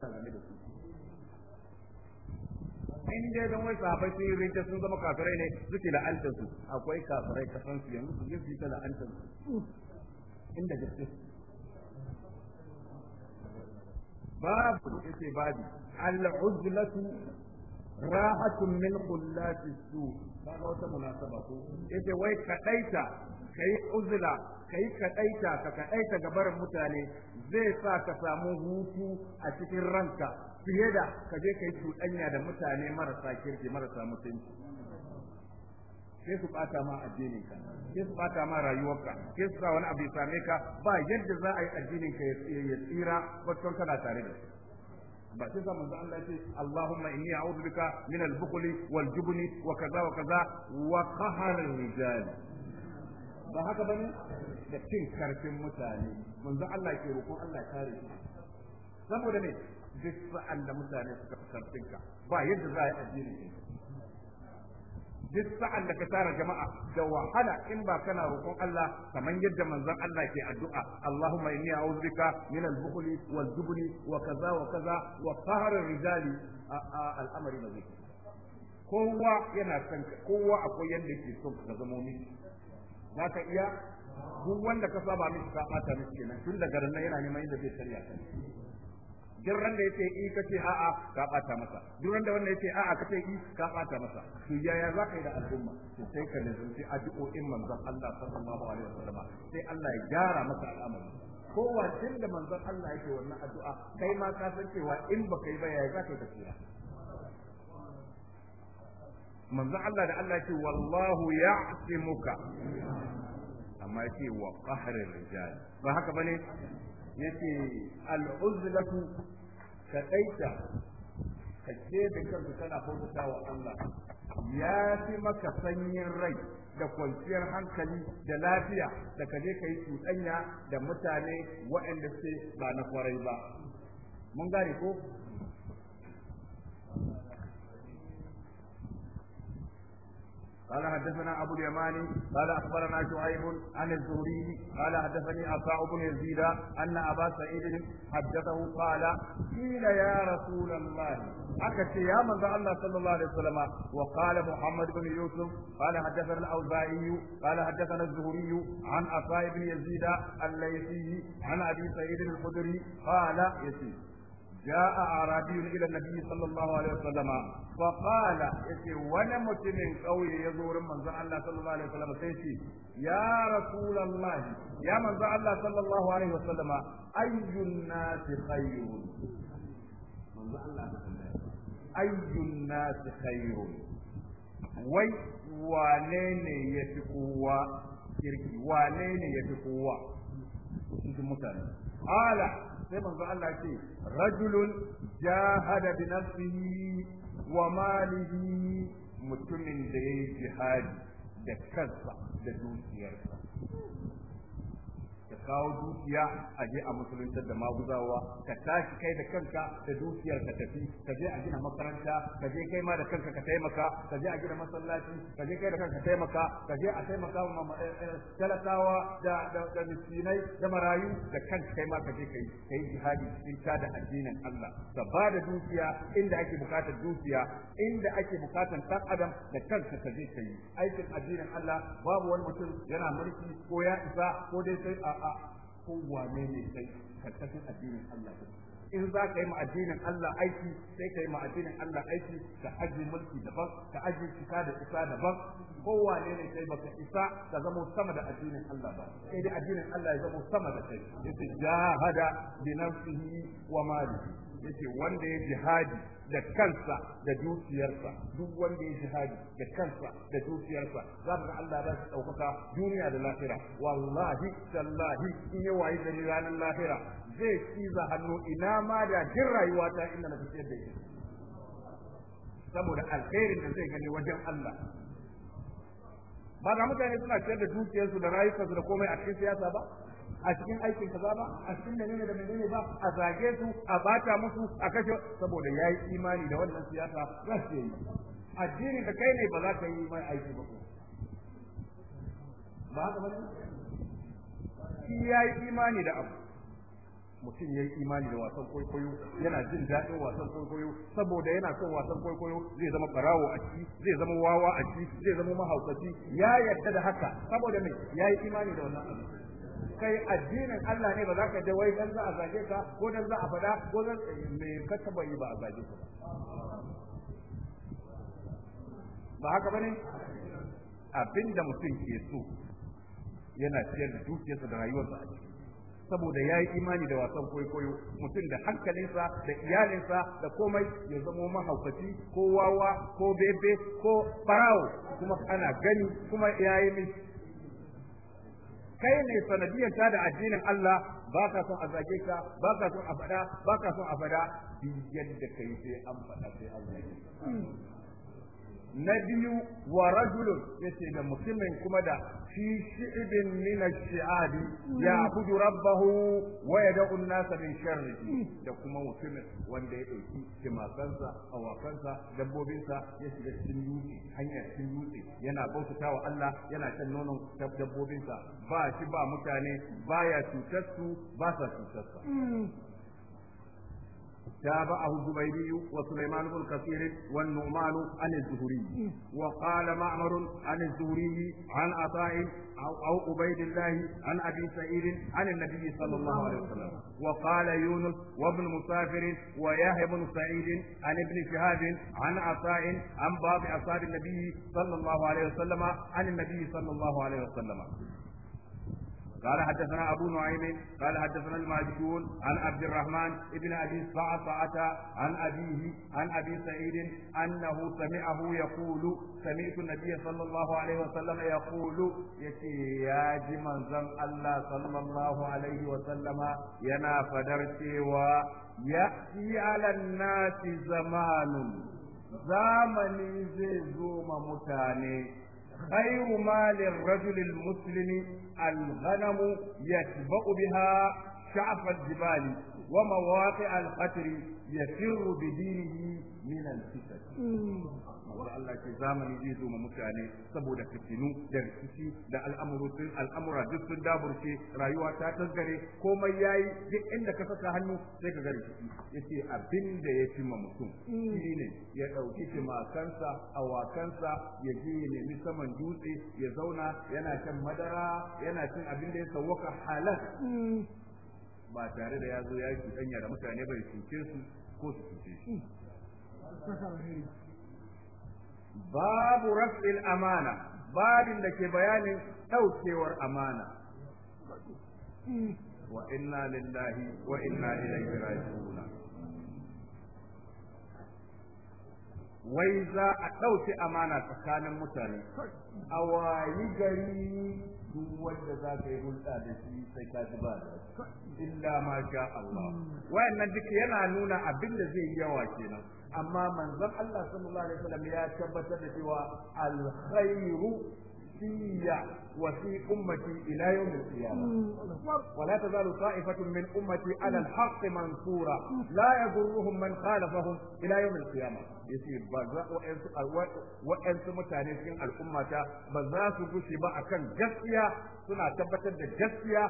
game in dai don wai sahabbai sun yi rinta sun zama kafirai ne suke la'antar su akwai kafirai ka san su yanzu su yi ta la'antar su inda gaske babu yace babu al-uzlatu rahatun min qullati su ga wata munasaba ko yace wai kadaita kai uzula kai kaɗaita ka kaɗaita ga barin mutane zai sa ka samu hutu a cikin ranka fiye da ka je kai cuɗanya da mutane marasa kirki marasa mutunci sai su bata ma addinin ka sai su bata ma rayuwarka sai su sa wani abu ya same ka ba yadda za a yi addinin ka ya tsira tun kana tare da ba sai sa manzo Allah ce Allahumma inni a'udhu bika min al-bukhli wal jubni wa kaza wa kaza wa qahr al-rijal ba haka bane da cin karfin mutane manzo Allah ke roƙon Allah kare shi saboda ne duk sa'an da mutane suka fi karfin ka ba yadda za a yi addini duk sa'an da ka tara jama'a da wahala in ba kana roƙon Allah kamar yadda manzon Allah ke addu'a Allahumma inni a'udhu bika min al-bukhl wal jubn wa kaza wa kaza wa qahr ar-rijali al-amri kowa yana son kowa akwai yadda ke son ka zamo miki za ka iya duk wanda ka saba mishi ka bata mishi kenan tun da garin nan yana neman inda zai tsariya ka duk ran da yace i kace a'a ka bata masa duk ran da wanda yace a'a kace i ka bata masa to yaya za ka yi da al'umma to sai ka nazarci addu'o'in manzon Allah sallallahu alaihi wasallam sai Allah ya gyara masa al'amari kowa tun da manzon Allah yake wannan addu'a kai ma ka san cewa in baka yi ba yaya za ka yi da manzu Allah da Allah ce wallahu ya'simuka amma yake wa qahrir rijal ba haka bane yace al'uzlatu kadaita kace da kanka kana bauta wa Allah ya fi maka sanyin rai da kwanciyar hankali da lafiya da kaje kai cuɗanya da mutane waɗanda suke ba na kwarai ba mun gane ko قال حدثنا أبو اليماني قال أخبرنا شعيب عن الزهري قال حدثني عطاء بن يزيد أن أبا سعيد حدثه قال قيل يا رسول الله أكت يا من الله صلى الله عليه وسلم وقال محمد بن يوسف قال حدثنا الأوزاعي قال حدثنا الزهري عن عطاء بن يزيد الليثي عن أبي سعيد الخدري قال يزيد جاء أعرابي إلى النبي صلى الله عليه وسلم فقال يتي وانا متمن قوي يزور من الله صلى الله عليه وسلم سيتي يا رسول الله يا من الله صلى الله عليه وسلم أي الناس خير من الله أي الناس خير وي وانين ne ya وانين kowa kirki wane ne sai manzo Allah ce rajulun jahada bi nafsihi wa malihi mutumin da yayi jihadi da kansa da dukiyarsa kawo dukiya a je a musulunta da maguzawa ka tashi kai da kanka da dukiyar ka tafi ka je a gina makaranta ka je kai ma da kanka ka taimaka ka je a gina masallaci ka je kai da kanka ka taimaka ka je a taimaka wa eh, eh, talakawa da da miskinai da marayu da kanka kai ma ka je kai kai jihadi cikin da addinin Allah ka ba da dukiya inda ake bukatar dukiya inda ake bukatar dan adam da kanka ka je kai aikin addinin Allah babu wani mutum yana mulki ko ya isa ko dai sai a wane ne kai karkashin addinin Allah in za ka yi ma addinin Allah aiki sai ka yi ma addinin Allah aiki ka aji mulki daban ka aji shika da isa daban wane ne sai baka isa ka zama sama da addinin Allah ba sai dai addinin Allah ya zama sama da kai yace jahada bi nafsihi wa malihi yace wanda ya jihadi da kansa da dukiyarsa duk wanda ya jihadi da kansa da dukiyarsa za ka ga Allah ba su ɗaukaka duniya da lahira wallahi tallahi in ya wayi da ranar lahira zai ciza hannu ina ma da jin rayuwa ta inda na tafiyar da ita saboda alherin da zai gani wajen Allah ba ga mutane suna ciyar da dukiyarsu da rayukansu da komai a cikin siyasa ba a cikin aikin kaza ba a cikin menene da menene ba a zage su a bata musu a kashe saboda yayi imani da wannan siyasa za su yi addini da kai ne ba za ka yi mai aiki ba ba haka bane shi yayi imani da abu mutum ya yi imani da wasan kwaikwayo yana jin daɗin wasan kwaikwayo saboda yana son wasan kwaikwayo zai zama barawo a ciki zai zama wawa a ciki zai zama mahaukaci ya yarda da haka saboda mai ya yi imani da wannan abu kai addinin Allah ne ba za ka je wai dan za a zage ka ko dan za a fada ko dan me ka taba yi ba a zage ka ba haka bane abinda mutum ke so yana ciyar da dukiyarsa da rayuwarsa a ciki saboda ya yi imani da wasan kwaikwayo mutum da hankalinsa da iyalinsa da komai ya zamo mahaukaci ko wawa ko bebe ko barawo kuma ana gani kuma ya yi kai ne sanadiyar ta da addinin Allah ba ka son a zage ka ba ka son a faɗa ba ka son a faɗa duk yadda kai sai an faɗa sai an zage na biyu wa rajulun yace da mutumin kuma da fi shi'bin min ash-shi'abi ya'budu rabbahu wa yad'u an-nasa min sharrihi da kuma mutumin wanda ya dauki timasansa awakansa dabbobinsa ya shiga cikin dutse hanyar cikin dutse yana bautawa Allah yana shan nonon dabbobinsa ba shi ba mutane baya cutar su ba sa cutar hmm. تابعه الزبيدي وسليمان بن كثير والنعمان عن الزهري وقال معمر عن الزهري عن عطاء أو, أو عبيد الله عن أبي سعيد عن النبي صلى الله عليه وسلم وقال يونس وابن مسافر ويحيى بن سعيد عن ابن شهاب عن عطاء عن بعض أصحاب النبي صلى الله عليه وسلم عن النبي صلى الله عليه وسلم قال حدثنا أبو نعيم قال حدثنا الماجدون عن عبد الرحمن ابن أبي صعصعة عن أبيه عن أبي سعيد أنه سمعه يقول سمعت النبي صلى الله عليه وسلم يقول يتي يا جمن زم الله صلى الله عليه وسلم ينا فدرتي ويأتي على الناس زمان zamani zai zo ma mutane khairu malin rajulil muslimi الغنم يتبأ بها شعف الجبال ومواقع القتر يفر بدينه من الفتن manzon Allah ce zamani zai zo ma mutane saboda fitinu da rikici da al'amuran al'amura duk sun daburce rayuwa ta tangare komai yayi duk inda ka saka hannu sai ka ga rikici yace abin da ya cimma mutum. mutum ne ya dauki timakansa awakansa ya je ya nemi saman dutse ya zauna yana kan madara yana cin abin da ya sawwaka halal ba tare da ya zo ya da mutane bai cuce su ko su cuce shi hmm. babu raf'il amana babin da ke bayanin daukewar amana wa inna lillahi wa inna ilaihi raji'un wai za a ɗauki amana tsakanin mutane a wayi gari duk wanda za ka yi hulɗa da shi sai ka ji ba da illa ma sha Allah wayannan duk yana nuna abin da zai yawa kenan amma manzon Allah sallallahu alaihi wasallam ya tabbatar da cewa alkhairu fiyya wa fi ummati ila yawm al-qiyamah hmm. wa la tazalu min ummati ala al-haqq mansura la yadurruhum man khalafahum ila yawm al-qiyamah yace ba za wa'ansu mutane cikin al'ummata ba za su gushi ba akan gaskiya suna tabbatar da gaskiya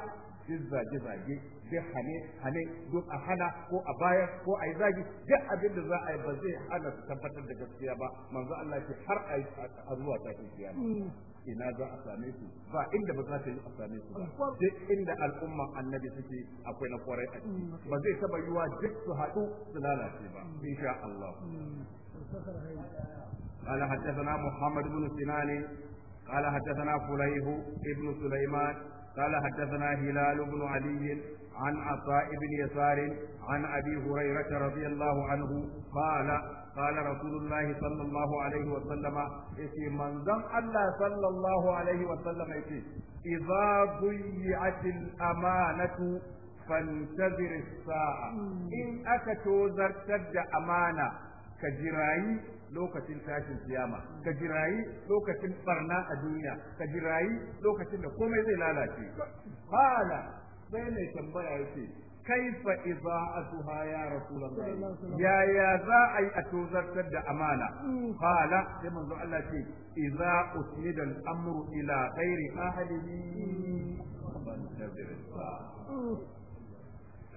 duk zage-zage duk hane-hane duk a hana ko a baya ko a yi zagi duk abin da za a yi ba zai hana su tabbatar da gaskiya ba manzo Allah ce har a yi a zuwa tashin kiyama hmm. ina za a same su ba inda ba za ta yi a same su ba duk inda al'umma annabi suke akwai na kwarai a ciki hmm. ba zai taba yiwa duk su haɗu su lalace ba hmm. insha Allah قال حدثنا محمد بن سنان قال حدثنا فليه ابن سليمان قال حدثنا هلال بن علي عن عطاء بن يسار عن أبي هريرة رضي الله عنه قال قال رسول الله صلى الله عليه وسلم إتي من ذن الله صلى الله عليه وسلم إتي إذا ضيعت الأمانة فانتظر الساعة إن أكتوزر تد أمانة كجرائي lokacin tashin kiyama ka jirayi lokacin barna a duniya ka jirayi lokacin da komai zai lalace qala sai mai tambaya yace kaifa idza'atuha ya rasulullah ya ya za a yi a da amana hala sai manzo Allah ce idza usnida al-amru ila ghairi ahlihi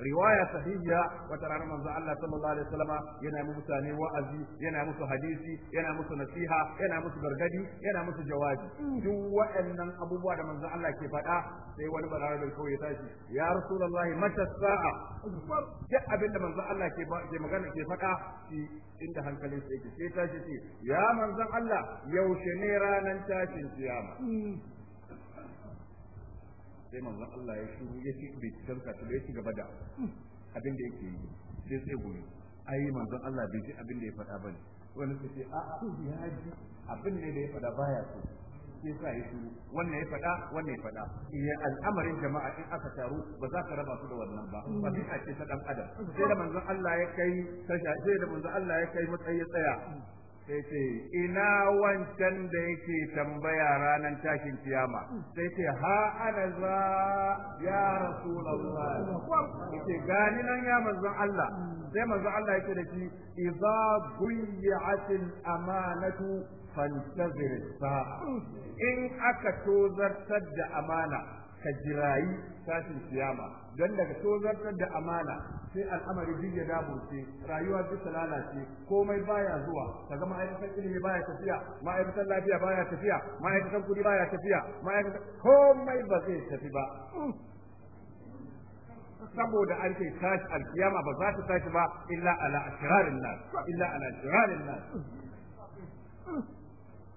riwaya sahihiya wata ranar manzo Allah sallallahu alaihi wasallam yana musu mutane wa'azi yana musu hadisi yana musu nasiha yana musu gargadi yana musu jawabi duk waɗannan abubuwa da manzo Allah ke faɗa sai wani barara da kawai ya tashi ya rasulullahi mata sa'a duk abin da manzo Allah ke ke magana ke faɗa shi inda hankalin sa yake sai tashi ce ya manzo Allah yaushe ne ranar tashin kiyama sai manzon Allah ya shiru ya ci bai tanka ta bai ci gaba da abin da yake yi sai sai gobe ai manzon Allah bai ji abin da ya faɗa bane wani su ce a su ya ji abin ne da ya faɗa baya su sai sa ya shiru wannan ya faɗa wannan ya faɗa ya eh, al'amarin jama'a in aka taru ba za ka raba su da wannan ba ba sai a ce ta dan adam sai da manzon Allah ya kai sai da manzon Allah ya kai matsayi tsaya sai ce ina wancan da yake tambaya ranar tashin kiyama sai ce ha ana za ya rasulullah yace gani nan ya manzon Allah sai manzon Allah yake da shi idza buyi'atil amanatu fantazir sa'a in aka tozartar da amana ka jirayi tashin kiyama don daga tozartar da amana sai al'amari duk ya daburce rayuwa duk ta lalace komai baya zuwa kaga ma'aikatan ilimi baya tafiya ma'aikatan lafiya baya tafiya ma'aikatan kudi baya tafiya ma'aikatan komai ba zai tafi ba saboda an ce tashi alkiyama ba za ta tashi ba illa ala ashirarin nas illa ala ashirarin nas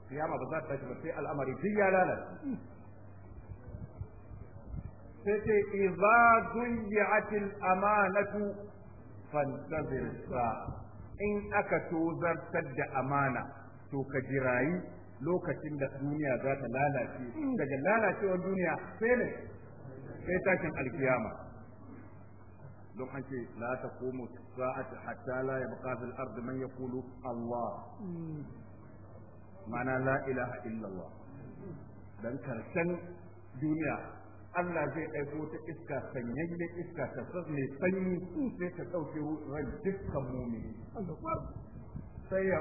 kiyama ba za ta tashi ba sai al'amari duk ya lalace sai ce idza amanatu fantazir sa in aka tozartar da amana to ka jirayi lokacin da duniya za ta lalace daga lalacewar duniya sai ne sai tashin alkiyama don an la ta komo sa'ati hatta la ya baka fil ardi man yaqulu Allah mana la ilaha illallah dan karshen duniya Allah zai aiko ta iska sanyayyen iska ta ne, sanyi sai ta ɗauke ran dukkan mumi. sai ya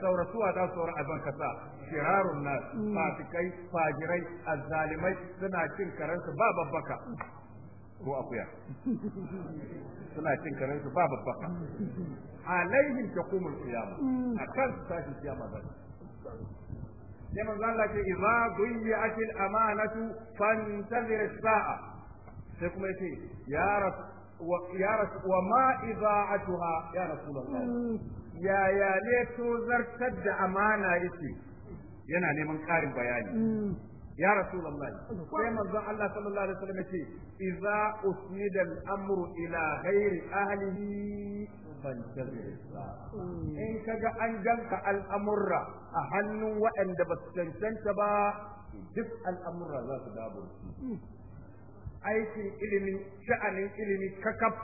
saura suwa da saura a ban kasa shirarun na mm. fatikai fajirai azzalimai suna cin karansu ba babbaka ko akuya suna cin karansu ba babbaka alaihim taqumul qiyamah mm. akan sashi kiyama ba sai manzo Allah ce idza duyyat al amanatu fantazir as-sa'a sai kuma yace ya rasu ya rasu wa ma idza'atuha ya rasulullah ya ya ne to zartar da amana yace yana neman karin bayani mm. ya rasulullah sai manzon Allah sallallahu alaihi wasallam yace idza usnida al-amru ila ghairi ahlihi in kaga an ganka al'amurra a hannun waɗanda ba su cancanta ba duk al'amurra za su daburci aikin ilimi sha'anin ilimi kakaf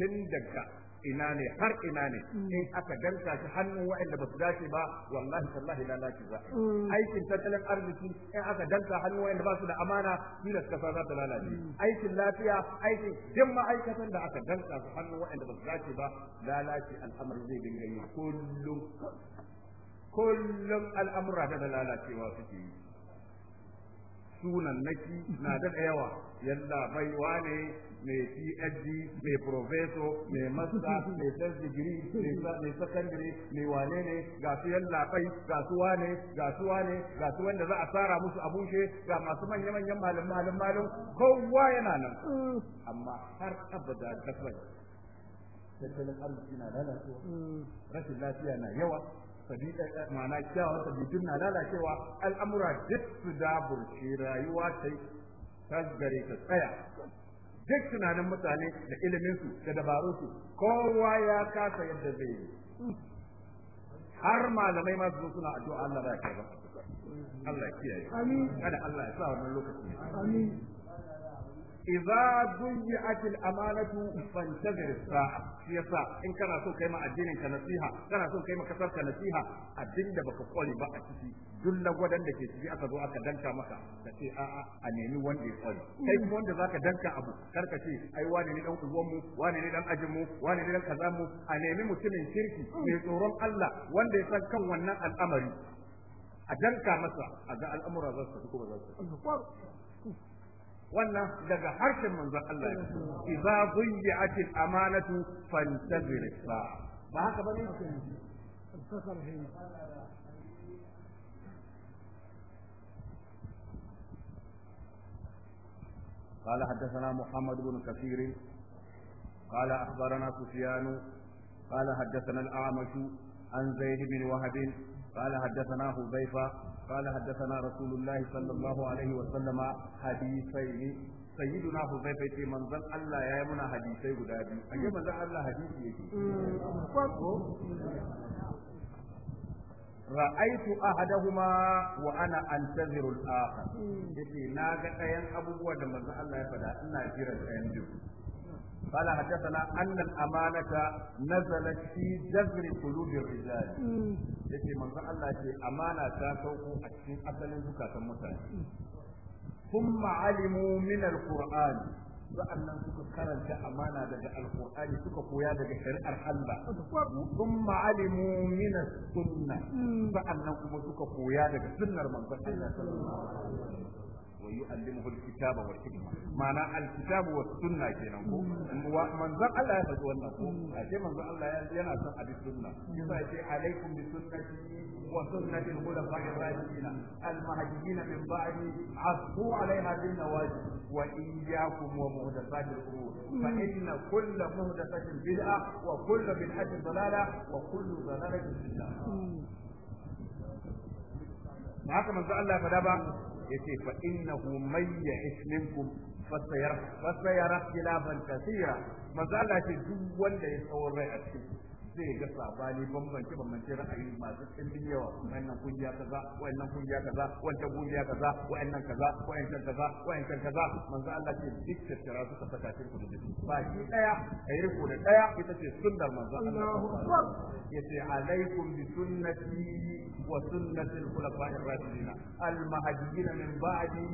tun daga ina ne har ina ne mm. in aka danka shi hannun waɗanda ba su dace ba wallahi tallahi lalaci za mm. aikin tattalin arziki in aka danka hannun waɗanda ba su da amana da kasa za ta lalace mm. aikin lafiya aikin duk ma'aikatan da aka danka su hannun waɗanda ba su dace ba lalaci al'amari zai dinga yi kullum kullum al'amura da lalacewa suke yi sunan naki na da yawa yalla bai wane. mai phd mai professor mai master mai first degree mai secondary mai wane ne ga su yallaɓai ga su wane ga su wane ga su wanda za a tsara musu a bushe ga masu manya manyan malin malin malin kowa yana nan mm. amma har abada kasar tattalin arziki na lalacewa mm. rashin lafiya na yawa sabida mana kyawun sabidin na lalacewa al'amura duk su daburce rayuwa ta tasgare ta tsaya duk tunanin mutane da iliminsu da dabarun dabarunsu kowa ya kasa yadda zai yi har malamai ma su suna addu'a Allah ya karba Allah ya kiyaye amin kada Allah ya sa wannan lokaci amin idza duyyat al-amanatu fantazir as-sa'a yasa in kana so kai ma addinin ka nasiha kana so kai ma kasar ka nasiha abinda baka kware ba a ciki duk lagwadan da ke ciki aka zo aka danka maka ka ce a'a a nemi wanda ya kware kai kuma wanda zaka danka abu kar ka ce ai wani ne dan uwan mu wani ne dan ajin mu wani ne dan kaza mu a nemi mutumin kirki mai tsoron Allah wanda ya san kan wannan al'amari a danka masa a ga al'amura za su tafi ko ba za su wannan daga harshen manzon Allah ne idza dhiyat al-amanatu fantazir as-sa'a ba haka bane قال حدثنا محمد بن كثير قال أخبرنا سفيان قال حدثنا الأعمش عن زيد بن وهب قال حدثنا حذيفة قال حدثنا رسول الله صلى الله عليه وسلم حديثين سيدنا حذيفة يتي منزل الله يا يمنا حديثي غدا بي أي منزل الله حديثي يتي رأيت أحدهما وأنا أنتظر الآخر يتي ناغا أين أبو بواد منزل الله يفدا أنا جيرا أين جيرا قال حدثنا أن الأمانة نزلت في جذر قلوب الرجال يجي من الله يجي أمانة تاسوكو أكين أسل زكاة متعين ثم علموا من القرآن sa'annan suka karanta amana daga alkur'ani suka koya daga shari'ar Allah thumma alimu min as-sunnah sa'annan kuma suka koya daga sunnar manzon wa yu'allimuhu alkitaba wal hikma ma'ana alkitabu was sunna kenan ko manzon Allah ya faɗi wannan ko a Allah yana son abin sunna yasa ya ce alaikum bi sunnati wa sunnati al-khulafa'i ar-rashidin al-mahdiyyin min ba'di asbu 'alayha bin nawajib wa iyyakum wa muhdathat al-umur fa inna kull muhdathatin bid'a wa kull bid'atin dalalah wa kull dalalatin fi an-nar haka manzo Allah ya faɗa ba yace fa innahu may ya'ish minkum fasayara fasayara khilafan kathira manzo ce duk wanda ya tsawon rai a cikin sai ga sabani bambance bambance ra'ayi masu tsindin yawa wannan kungiya kaza wannan kungiya kaza wannan kungiya kaza wannan kaza wannan kaza wannan kaza manzo Allah ce duk tattara su ka saka cikin kudi ba shi daya ayi riko da daya ita ce sunnar manzo Allah yace alaikum bi sunnati wa sunnati al-khulafa'ir rashidin al-mahdiyyin min ba'di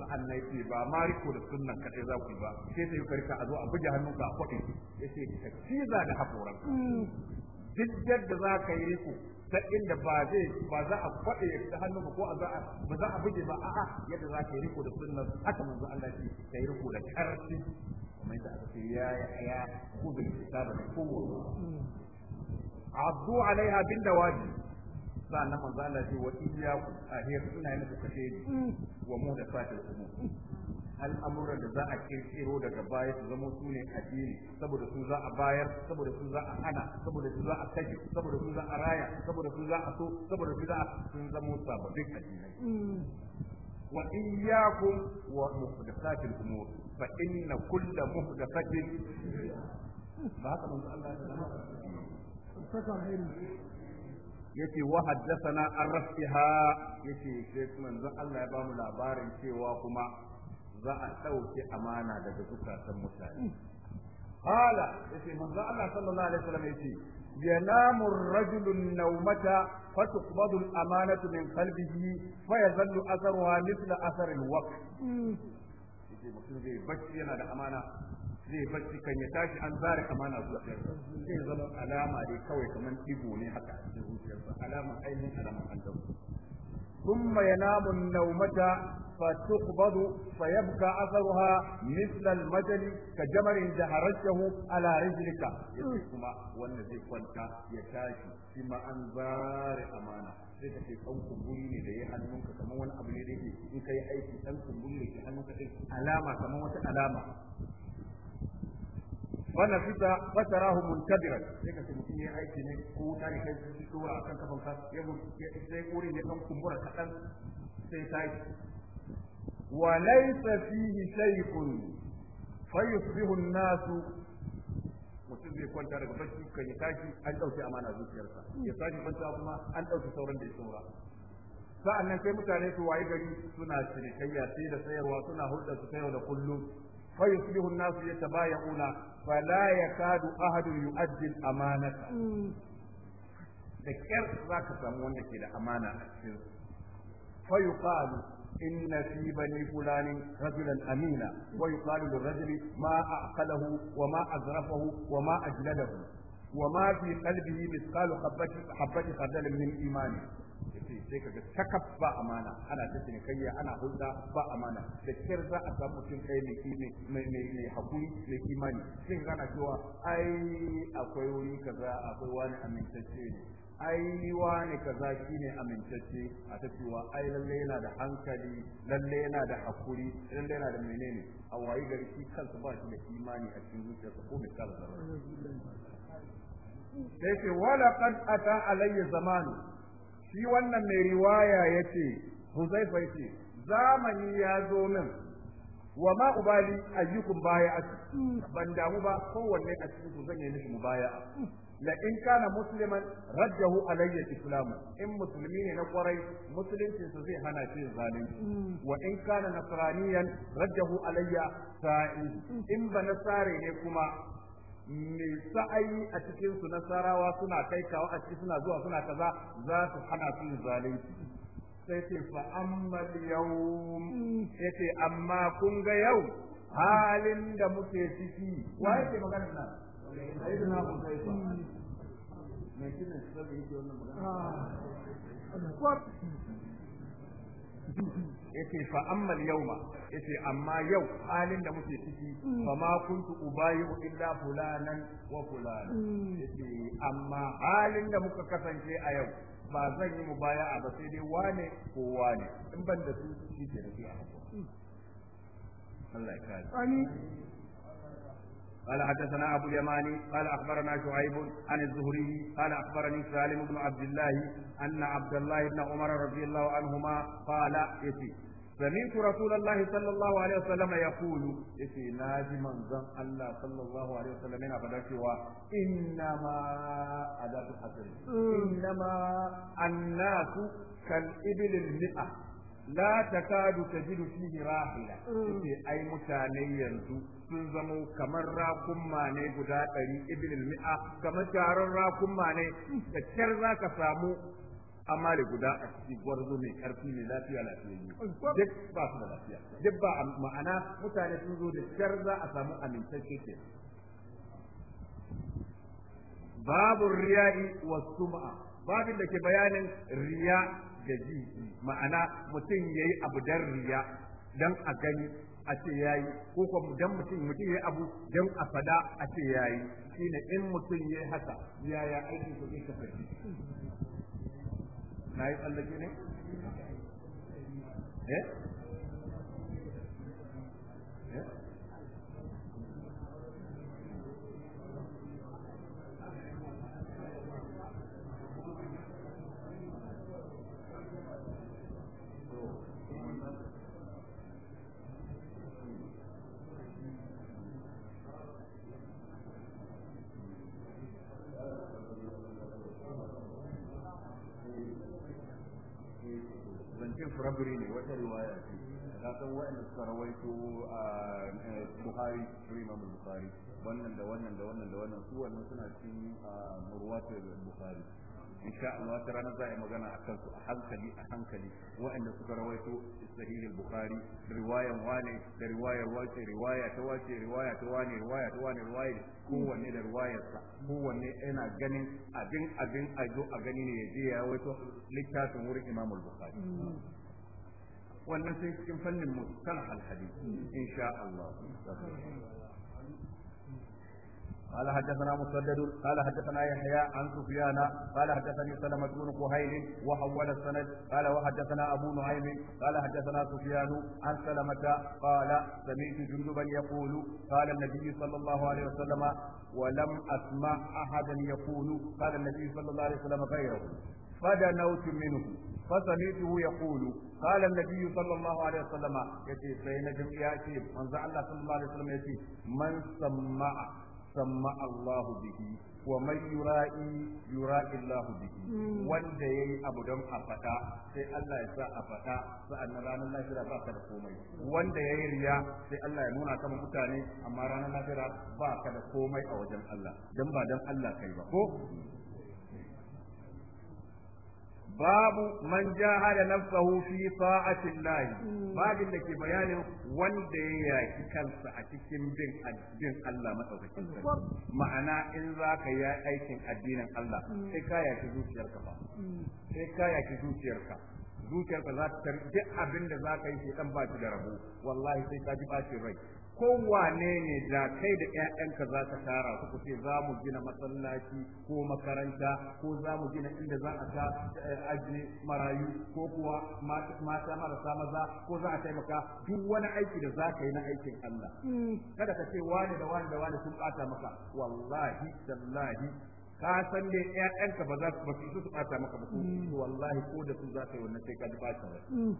sa'annan ce ba ma riko da sunnan kadai za ku ba sai sai karka a zo a buge hannunka a kwaɗe yace ka ciza da hakoran duk yadda za ka yi riko ta inda ba zai ba za a kwaɗe da hannun ko a ba za a buge ba a'a yadda za ka yi riko da sunnan haka manzo Allah ce ka yi riko da karfi kuma yadda aka ce ya ya ku bil kitaba da kowa abdu alaiha bin dawaji nan manzo Allah ce wa iyyaku a yin ina muku kashe wa mu da fatil al al'amuran da za a kirkiro daga baya su zama su ne addini saboda su za a bayar saboda su za a hana saboda su za a kashe saboda su za a raya saboda su za a so saboda su za a sun zama sababbin addinai wa iyyakum wa muhdathatil umur fa inna kulla muhdathatin ba ka manzo Allah ya yace wa haddathana arrafiha yace sai manzon Allah ya ba mu labarin cewa kuma za a dauke amana daga zukatan mutane qala yace manzon Allah sallallahu alaihi wasallam yace al-amanatu min qalbihi fa yazallu atharuha mithla أثرها al-waqt الوقت. mutum zai bacci yana da amana zai bacci kan ya tashi an zara kamana zuciyarsa zai zama alama ne kawai kamar tigo ne haka a cikin zuciyarsa alama ainihin alama an dauka ثم ينام النومة فتقبض فيبقى أثرها مثل المجل كجمر دهرته على رجلك يسمع والذي كنت يتاشي an أنظار أمانة sai ka ce ɗan kumburi ne da ya hannunka kamar wani abu ne da ke in ka yi aiki ɗan kumburi ne ɗin alama kamar wata alama wannan fita fatarahu muntabira sai ka mutum ya aiki ne ko wuta ne kai shi tsora akan kafan ka ya mutu sai kurin ya dan kumbura kadan sai yi wa laysa fihi shay'un yusbihu an-nas mutum zai kwanta daga bacci kan ya tashi an dauke amana zuciyarsa ya tashi kwanta kuma an dauke sauran da ya saura sa'an nan sai mutane su waye gari suna cinikayya sai da sayarwa suna hulɗar su sayo da kullum fa yusbihu an-nasu yatabaya'una fala yakadu ahadun yu'addi amanata da kyar zaka samu wanda ke da amana a cikin fa yuqalu إن في بني فلان رجلا أمينا ويقال للرجل ما أعقله وما أزرفه وما أجلده وما في قلبه مثقال حبة حبة خردل من إيمانه yace sai kaga takab ba amana ana ta cinikayya ana hulɗa ba amana da kyar za a samu mutum kai mai mai mai mai hakuri mai sai kaga ana cewa ai akwai wani kaza akwai wani amintacce ne ai wani kaza shine amintacce a ta cewa ai lalle yana da hankali lalle yana da hakuri lalle yana da menene a wayi gari shi kansa ba shi da imani a cikin zuciyarsa ko misalan sai ce wala kad ata alayya zamanu shi wannan mai riwaya ya ce huzaifa ya ce zamani ya zo min wa ma ubali ayyukum baya a ban damu ba kowanne a cikin ku zan yi mishi mubaya la in kana musliman raddahu alayya islamu in musulmi ne na kwarai musulunci su zai hana shi zalunci wa in kana nasraniyan raddahu alayya sa'i in ba nasare ne kuma mai sa'ayi a cikin su nasarawa suna kai kawo a cikin suna zuwa suna kaza za su hana su yin zalunci sai ce fa ammal yawm yace amma kun ga yau halin da muke ciki wa yake magana nan sai da ku sayyidina Husayfa mai kina sabbi yake wannan magana ah. yace fa amma yauma yace amma yau halin da muke ciki fa ma kuntu ubayu illa fulanan wa fulanan yace amma halin da muka kasance a yau ba zan yi mubaya'a ba sai dai wane ko wane in ban da su shi ke a Allah ya kare قال حدثنا أبو اليماني قال أخبرنا شعيب عن الزهري قال أخبرني سالم بن عبد الله أن عبد الله بن عمر رضي الله عنهما قال إتي سمعت رسول الله صلى الله عليه وسلم يقول إتي ناجي من زم الله صلى الله عليه وسلم هنا فدكوا إنما أداة الحسن إنما الناس كالإبل المئة la takadu tajidu fihi rahila yace ai mutane yanzu sun zamo kamar rakun mane guda ɗari ibn mi'a kamar taron rakun mane da kyar za ka samu amma da guda a cikin gwarzo mai karfi mai lafiya lafiya ne duk ba su da lafiya duk ba ma'ana mutane sun zo da kyar za a samu amintacce ke babu riya'i wa sum'a babin da ke bayanin riya da ji ma'ana mutum yayi abu dan riya dan a gani a ce yayi ko kuma dan mutum mutum yayi abu dan a fada a ce yayi shine in mutum yayi haka yaya aikin ku zai na nayi tsallake ne eh san wa'anda suka rawaito a eh, Bukhari Imam Bukhari wannan da wannan da wannan da wannan su wannan suna cikin Bukhari insha Allah za a yi magana a kansu a hankali a hankali waɗanda suka rawaito sahih al-bukhari riwayan wane da riwayar wace riwaya ta wace riwaya ta wane riwaya ta wane riwaya kowanne da riwayar sa kowanne yana ganin abin abin ajo a gani ne ya je ya rawaito littafin wurin Imam al-Bukhari mm. wannan sai cikin fannin mustalah al-hadith insha Allah قال حدثنا مسدد قال حدثنا يحيى عن سفيان قال حدثني سلمة بن كهيل وحول السند قال وحدثنا أبو نعيم قال حدثنا سفيان عن سلمة قال سمعت جندبا يقول قال النبي صلى الله عليه وسلم ولم أسمع أحدا يقول قال النبي صلى الله عليه وسلم غيره فدنوت منه فسمعته يقول قال النبي صلى الله عليه وسلم يتي سيدنا جميع يتي من الله صلى الله عليه وسلم يتي من سمع سمع الله به wa man yura'i yura'i Allah bihi wanda yayi abu don a fada sai Allah ya sa a fada sa'annan ranar lafiya ba ka komai wanda yayi riya sai Allah ya nuna kama mutane amma ranar lafiya ba ka da komai a wajen Allah dan ba dan Allah kai ba ko babu man jahada nafsahu fi sa'atin lahi hmm. babin da ke bayanin wanda ya yaki kansa a cikin bin addinin Allah madaukakin hmm. ma'ana in zaka yi aikin addinin Allah hmm. sai ka yaki zuciyarka ba sai ka yaki zuciyarka zuciyarka za ta duk abin da zaka yi sai dan ba da rabo wallahi sai ka ji bacin rai kowane ne da kai da ƴaƴanka za ka tara ku ce za mu gina masallaci ko makaranta ko za mu gina inda za a ta eh, aji marayu ko kuwa mata marasa maza ko za a taimaka duk wani aiki da za ka yi na aikin Allah mm. kada ka ce wani da wani da wani sun bata maka wallahi tallahi ka san da ƴaƴanka ba za su ba su su bata maka ba mm. wallahi ko da su za ka yi wannan sai ka ji ba. Mm.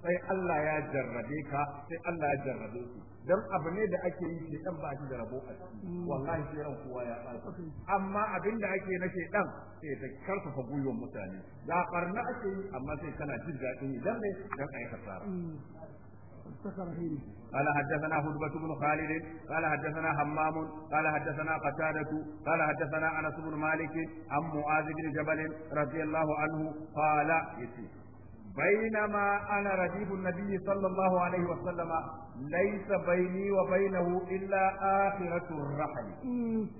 sai Allah ya jarrabe ka sai Allah ya jarrabe su dan abu ne da ake yi ke dan ba shi da rabo a ciki mm. wallahi sai ran kowa ya fara amma abin da ake na ke dan sai da karfafa gwiwar mutane da karna ake yi amma sai kana jin daɗin idan ne dan ayi kasara قال حدثنا هدبة بن خالد قال حدثنا همام قال حدثنا قتادة قال حدثنا أنس بن مالك عن معاذ بن جبل رضي الله عنه قال يسير بينما أنا رديف النبي صلى الله عليه وسلم ليس بيني وبينه إلا آخرة الرحل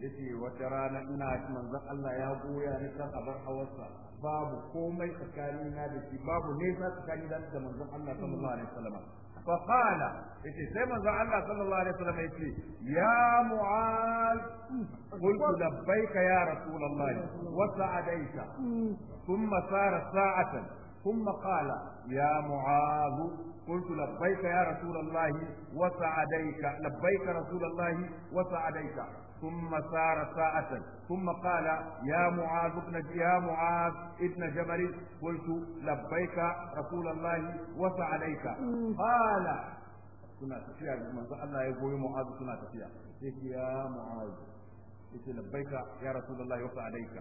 إتي وترانا إنا من الله يا أبويا نسان أبر حوصا باب كومي تكانينا بشي باب نيسا تكانينا بشي من الله صلى الله عليه وسلم فقال إتي سيما الله صلى الله عليه وسلم إتي يا معاذ قلت لبيك يا رسول الله وسعديك ثم صار ساعة ثم قال يا معاذ قلت لبيك يا رسول الله وسعديك لبيك رسول الله وسعديك ثم سار ساعة ثم قال يا معاذ ابن يا معاذ ابن جبل قلت لبيك رسول الله وسعديك قال suna tafiya manzo Allah ya goyi Mu'az suna tafiya sai ce ya Mu'az yace labbaika ya Rasulullah wa sa'alaika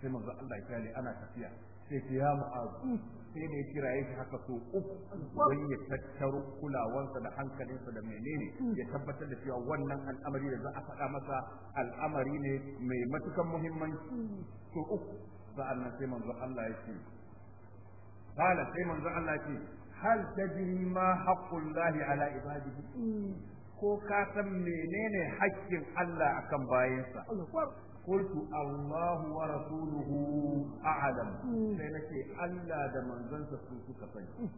sai manzo Allah ya kale ana tafiya sai ya ma'azu sai ne kira yake haka so uku don ya tattaro kulawansa da hankalinsa da menene ya tabbatar da cewa wannan al'amari da za a faɗa masa al'amari ne mai matukan muhimmanci so uku nan sai manzo Allah ya ce qala sai manzo Allah ya ce hal tajri ma haqqullahi ala ibadihi ko ka san menene haƙƙin Allah akan bayansa. قلت الله ورسوله أعلم سينكي ألا دمن زنت سوسك فيه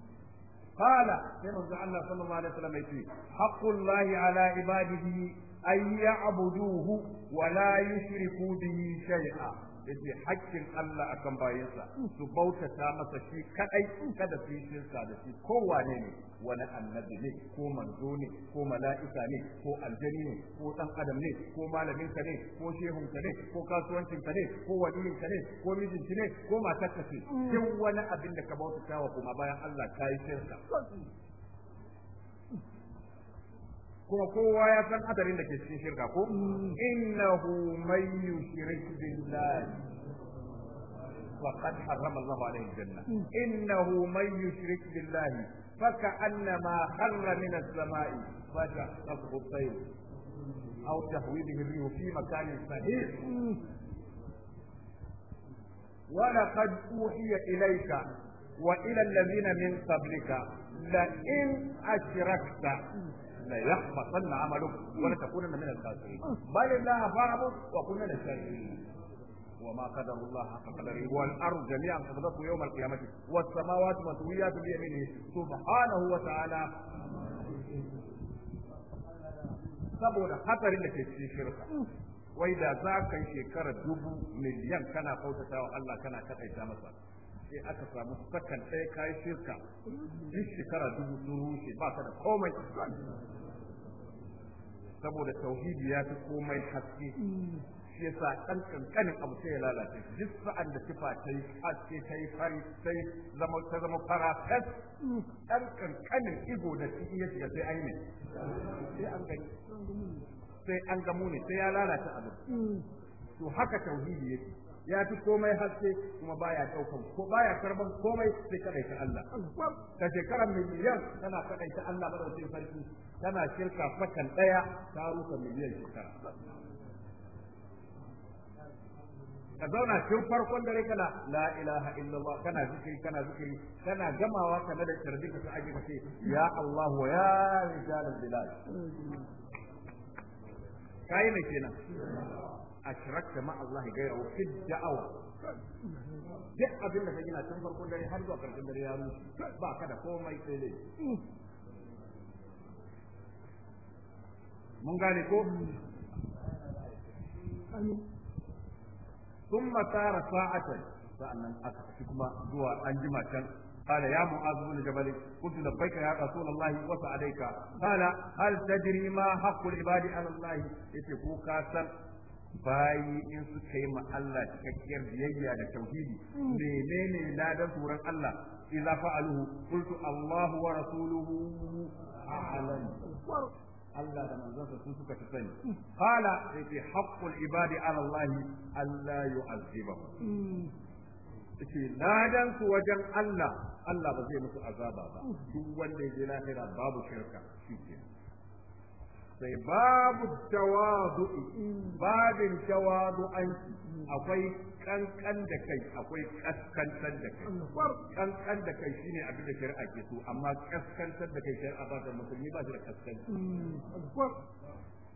قال سيما الله صلى الله عليه وسلم يتوي حق الله على عباده أن يعبدوه ولا يشركوا به شيئا yace hakkin Allah akan bayinsa su bauta ta masa shi kadai kada su yi shirka da shi ko wane ne wani annabi ne ko manzo ne ko mala'ika ne ko aljani ne ko dan adam ne ko malamin ka ne ko shehun ka ne ko kasuwancin ka ne ko wadin ka ne ko mijin ne ko matar ka ce duk wani abin da ka bauta kuma bayan Allah yi shirka kuma kowa ya san adarin da ke cikin shirka ko innahu man yushrik billahi faqad harrama Allah alayhi janna innahu man yushrik billahi فكأنما خر من السماء فجاء قصب الطير أو تهوي به الريح في مكان صحيح ولقد أوحي إليك وإلى الذين من قبلك لئن أشركت la yahbatanna amaluk wa la takunanna min al-khasirin bal la fa'abu wa kunna shakirin وما قدر الله حق والارض جميعا قبضته يوم القيامه والسماوات مسويات بيمينه سبحانه وتعالى saboda hatarin da ke cikin wai da za ka shekara dubu miliyan kana kautata wa Allah kana kaɗaita masa sai aka samu sakan ɗaya kayi shirka duk shekara dubu sun rushe ba ta da komai saboda tauhidi ya fi komai haske shi sa ɗan ƙanƙanin abu sai ya lalace duk sa'an da tufa ta yi haske ta yi fari sai zama ta zama fara tas ɗan ƙanƙanin igo da shi iya shiga sai aini sai an gani sai an gamu ne sai ya lalace abu to haka tauhidi yake ya fi komai haske kuma baya daukan ko baya karban komai sai kadai ta Allah ta shekara miliyan tana kadai ta Allah madaukakin sarki tana shirka fakan daya ta rusa miliyan shekara ka zauna cikin farkon dare kana la ilaha illallah kana zikiri kana zikiri kana gamawa kana da tarbi ka aje ka ce ya Allah wa ya rijal bilal kai ne kenan ashrakta ma Allah gaira wa fi da'awa duk abin da ka gina tun farkon dare har zuwa karshen dare ya rushe ba ka da komai sai dai mun gane ko ثم سار ساعة فأنا أكتكم دوا أنجما كان قال يا معاذ بن جبل قلت لبيك يا رسول الله وسعديك قال هل تدري ما حق العباد على الله يتكوكا bayi in suka yi ma Allah cikakkiyar biyayya da tauhidi hmm. menene ladan turan Allah idza fa'aluhu qultu Allahu wa rasuluhu a'lam Allah da sa sun suka ci sani hmm. qala yake haqqul ibadi ala Allah alla yu'azzibahu hmm. ce ladan su wajen Allah Allah ba zai musu azaba ba duk wanda ya je lahira babu shirka shi sai babu tawadu'i babin tawazu tawadu'anki akwai kankan da kai akwai kaskantar da kai kankan da kai shine abin da shari'a ke so amma kaskantar da kai shari'a ba ta musulmi ba shi da kaskanci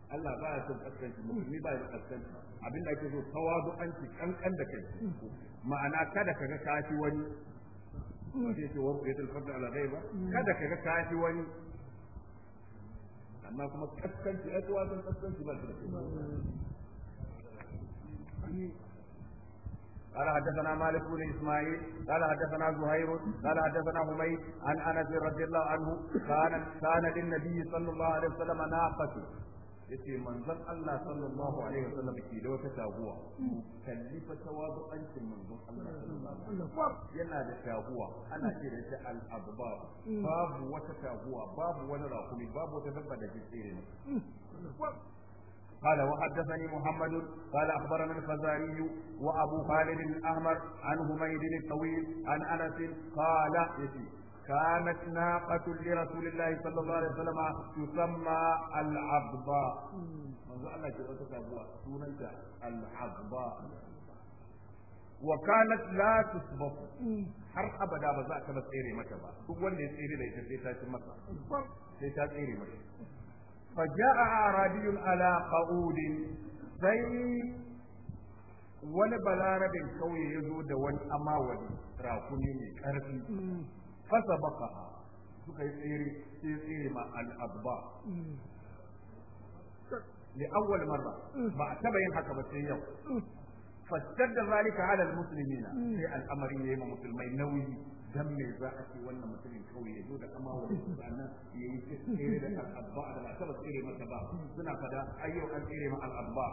Allah ba ya son kaskanci musulmi ba ya kaskanci abin da ake so tawazu tawadu'anki kankan da kai ma'ana kada ka ga kafi wani sai ce wa ru'yatul fadl ala ghaiba kada ka ga kafi wani amma kuma kaskanci ai kowa san kaskanci ba shi da قال حدثنا مالك بن اسماعيل قال حدثنا زهير قال حدثنا حميد عن انس رضي الله عنه كان كان للنبي صلى الله عليه وسلم ناقه yace manzon Allah sallallahu alaihi wasallam ke da wata taguwa hmm. kalli fa tawadu'ancin manzon Allah hmm. sallallahu alaihi wasallam yana da taguwa ana hmm. ce da al babu wata taguwa babu wani rakumi babu wata dabba da ke tsere قال وحدثني محمد قال اخبرنا الخزاعي وابو خالد الاحمر عن هميد الطويل عن انس قال كانت ناقة لرسول الله صلى الله عليه وسلم تسمى العبضاء منذ الله جرأت أبوها سنة العبضاء وكانت لا تصبح har abada ba za ta ba tsere mata ba duk wanda ya tsere da ita sai ta ci masa sai ta tsere mata fa ja'a arabiyun ala qaudin sai wani balarabin kauye ya zo da wani amawali rakuni mai karfi fasabaqaha suka yi tsere sai tsere ma al-adba li awwal marra ba a taba yin haka ba sai yau da فاشتد ذلك sai المسلمين ya yi يما مسلمين nauyi dan me za a ce wannan mutumin kawai ya zo da kama wa sannan ya yi tsere da al'abba da ba taba tsere mata ba suna fada ayyau an tsere ma al'abba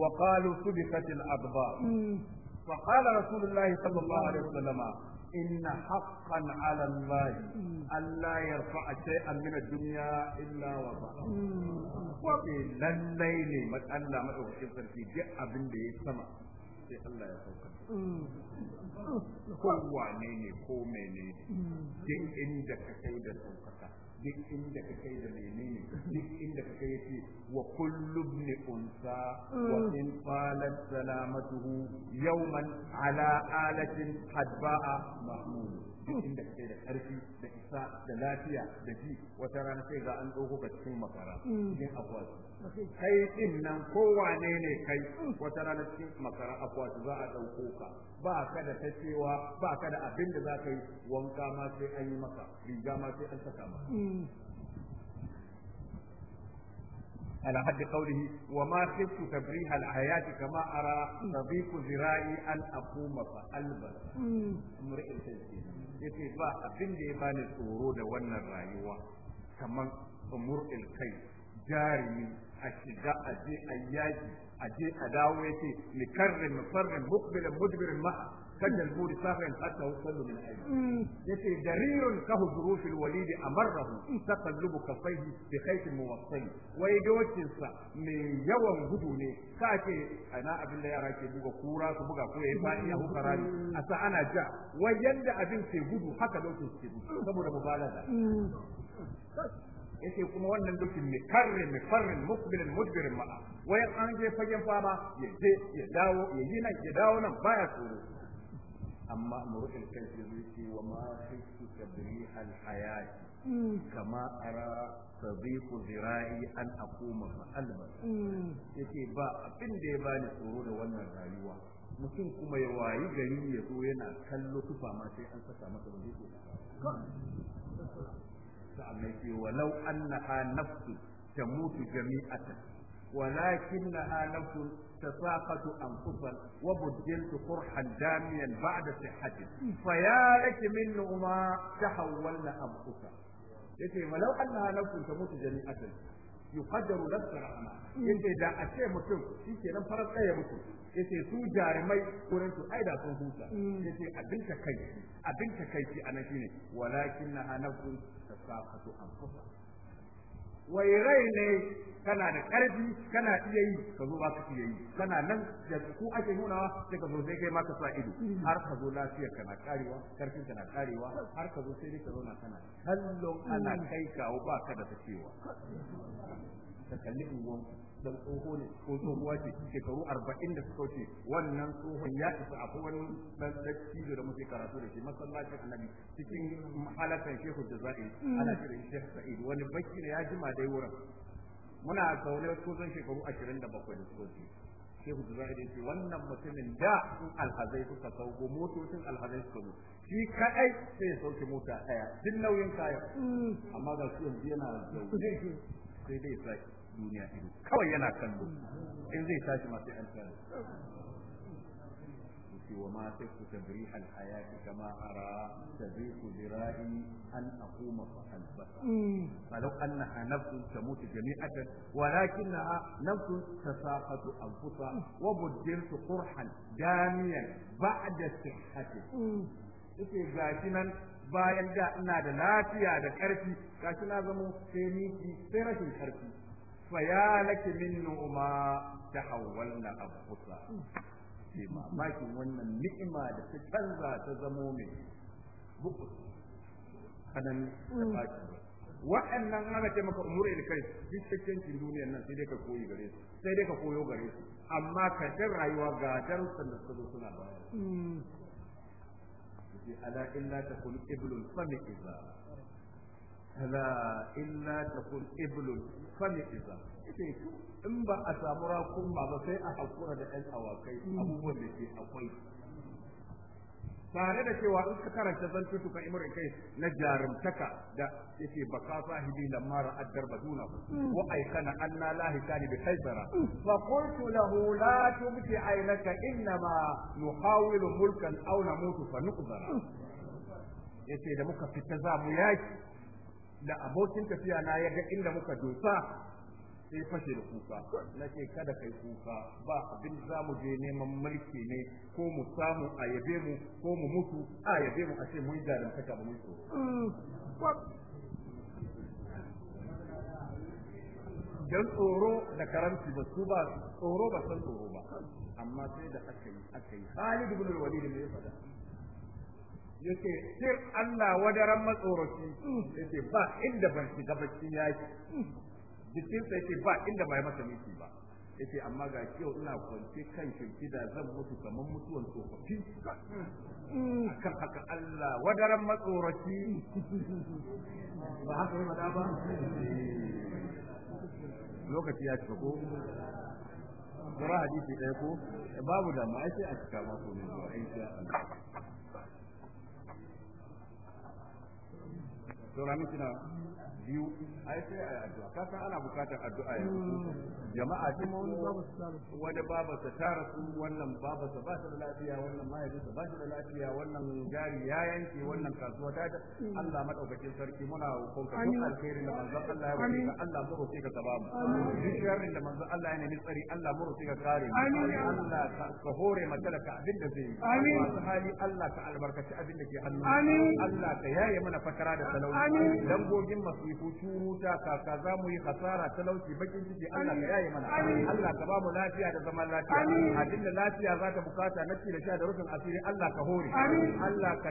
wa qalu subiqat al'abba fa qala rasulullah sallallahu alaihi wasallam inna haqqan ala Allah Allah a shay'an min ad-dunya illa wa fa'a wa lallai ne matsalla madaukakin sarki duk abin da ya sama sai Allah ya sauka ko wane ne ko mene ne duk inda ka kai da sauka duk inda ka kai da menene duk inda ka kai yace wa kullu ibn unsa wa mm. in fala salamatuhu yawman ala alatin hadba'a mahmud duk inda kake da karfi da isa da lafiya da ji wata rana sai ga an dauko ka cikin makara mm. cikin akwati kai din nan kowane ne kai wata rana cikin makara akwati za a ɗauko ka ba ka da ta cewa ba ka da abin da za ka yi wanka ma sai an yi maka riga ma sai an saka maka mm. على حد قوله وما خفت تبريح الحياة كما أرى تضيق امرئ ba abin ya bani tsoro da wannan rayuwa kamar murɗin kai jarumi a shiga a je a a je a dawo yace كجلبور ساقع حتى وصلوا من عينه يتي درير كهجروف الوليد أمره تقلب كفيه بخيط موصل ويجوتين سا من يوم هدوني كاكي أنا أبن الله يراك بوغا كورا بوغا كوي فاني أبو كراري أسا أنا جاء ويند أبن هدو حتى لو تسيبو سبو مبالغة yace kuma wannan dukin mai karre mai farrin mukbilin mudbirin ma'a wai an je fagen fama ya je ya dawo ya yi nan ya dawo nan baya tsoro amma muruk al-kayfi yace wa ma khiftu tabrih al-hayat kama ara sadiq zira'i an aquma fa alba yace ba abin da ya bani tsoro da wannan rayuwa mutum kuma ya wayi gari ya zo yana kallo tufa ma an saka masa wani ko sa'an ne walau annaha nafsu tamutu jami'atan ولكنها نفس تساقط أنفسا وبدلت قرحا داميا بعد noma فيا لك من نعما تحولنا أنفسا yace walau annaha nafsun tamutu jami'atan yuqaddaru nafsa rahma yace da a ce mutum shikenan farar tsaye mutu yace su jarumai wurin su ai da sun huta yace abin ta kai abin ta kai shi anan shine walakinnaha nafsun tasaqatu anfusa Wai rai ne kana da karfi kana iya yi ka zo ba ka iya yi kana nan da ku ake nunawa sai ka zo sai kai ma sa ido har ka zo lafiyar kana karewa karfin kana karewa har ka zo sai dai ka zo na kana kallon ana kai kawo ba ka da ta cewa ka kalli unguwanku dan tsoho ne ko tsohuwa ce shekaru arba'in da suka wuce wannan tsohon ya isa a wani dan dattijo da muke karatu da shi masallacin annabi cikin halatan shehu jaza'i mm. ana kiran shehu sa'id wani bakki da ya jima dai wurin muna ko zan shekaru ashirin da bakwai da suka wuce shehu da ya ce wannan mutumin da sun alhazai suka sauko motocin alhazai suka zo shi kadai sai ya sauke mota daya duk nauyin kayan mm. amma ga su yanzu yana zaune sai dai sai duniya ido kawai yana kallo in zai tashi masu an tsare shi wa ma tafi tabrih al hayati kama ara taziku dirai an aquma fa fa law anna nafsun tamut jami'atan walakinna nafsu tasaqatu anfusa wa buddirtu qurhan damiyan ba'da sihhati yace gashi nan bayan da ina da lafiya da karfi gashi na zama sai ni sai rashin karfi فيا لك من نعما تحولنا أبخصا ke mamakin wannan ni'ima da ta canza ta zamo mai bukus kanan da baki mm. wa'annan ana ce maka umur kai duk cikin duniyar nan sai dai ka koyi gare su sai dai ka koyo gare su amma ka dan rayuwa ga darussan da suka suna bayar mm. ala illa takun iblun fami iza لا إلا تكون إبل فمئزة in ba a samu kun ba sai a hakura da ɗan awakai abubuwan da ke akwai tare da cewa in ka karanta zantu ka imar kai na jarumtaka da yake baka sahibi lamma ra'ad darbaduna wa aikana anna lahi hitani bi kaisara fa qultu lahu la tubti aynaka ma nuhawilu mulkan aw namutu fa nuqdara yace da muka fita za mu yaki da abokin tafiya na ya ga inda muka dosa sai fashe da kuka na ce kada kai kuka ba abin za mu je neman mulki ne ko mu samu a yabe mu ko mu mutu a yabe mu a ce mun jarin saka mu mutu dan tsoro da karanci ba su ba tsoro ba san tsoro ba amma sai da aka yi aka yi Khalid ibn al-Walid ne ya faɗa yake sir Allah wadaran matsoroci yake ba inda ban shiga bacci yaki jikinsa yake ba inda bai masa miki ba yake amma ga yau ina kwance kan shimfida zan mutu kamar mutuwan tsofaffi kan haka Allah wadaran matsoroci ba haka yi ba lokaci ya cika ko Zura hadisi ɗaya ko babu da ma a cika mako ne zuwa in sha saura miki na biyu ai sai a addu'a ka san ana bukatar addu'a yanzu jama'a ce wani babu wani baba sa ta rasu wannan baba sa ba shi da lafiya wannan mahaifi ba shi da lafiya wannan jari ya yanke wannan kasuwa ta da Allah madaukakin sarki muna roƙon ka duk alheri da manzon Allah ya roƙe ka Allah mu roƙe ka ka bamu duk sharrin da manzon Allah ya nemi tsari Allah mu roƙe ka kare Allah ka hore matalaka abin da zai yi wasu hali Allah ka albarkaci abin da ke hannu Allah ka yaye mana fatara da talauci dangogin masu yi ta kaka za mu yi hasara talauci bakin ciki Allah ka yaye mana Allah ka ba mu lafiya da zaman lafiya abinda lafiya za ta bukata na ci da sha da rufin asiri Allah ka hore Allah ka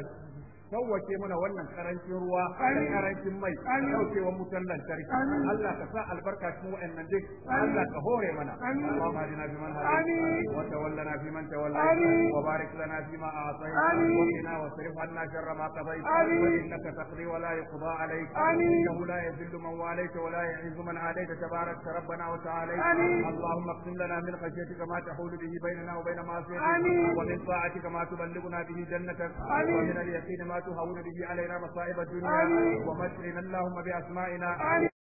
sauwake mana wannan karancin ruwa da karancin mai da daukewar wutar lantarki Allah ka sa albarka cikin wa'annan duk Allah ka hore mana Allahumma hadina fi man hadayt wa tawallana fi man tawallayt wa barik lana fi ma a'tayt wa qina wa sarif anna sharra ma qadayt wa innaka taqdi wa la yuqda alayk innahu la yadhillu man walayta wa la yu'izzu man adayt tabarak rabbana wa ta'ala اللهم اقسم لنا من خشيتك ما تحول به بيننا وبين معصيتك ومن طاعتك ما تبلغنا به جنتك ومن اليقين ما تهون به علينا مصائب الدنيا ومتعنا اللهم بأسمائنا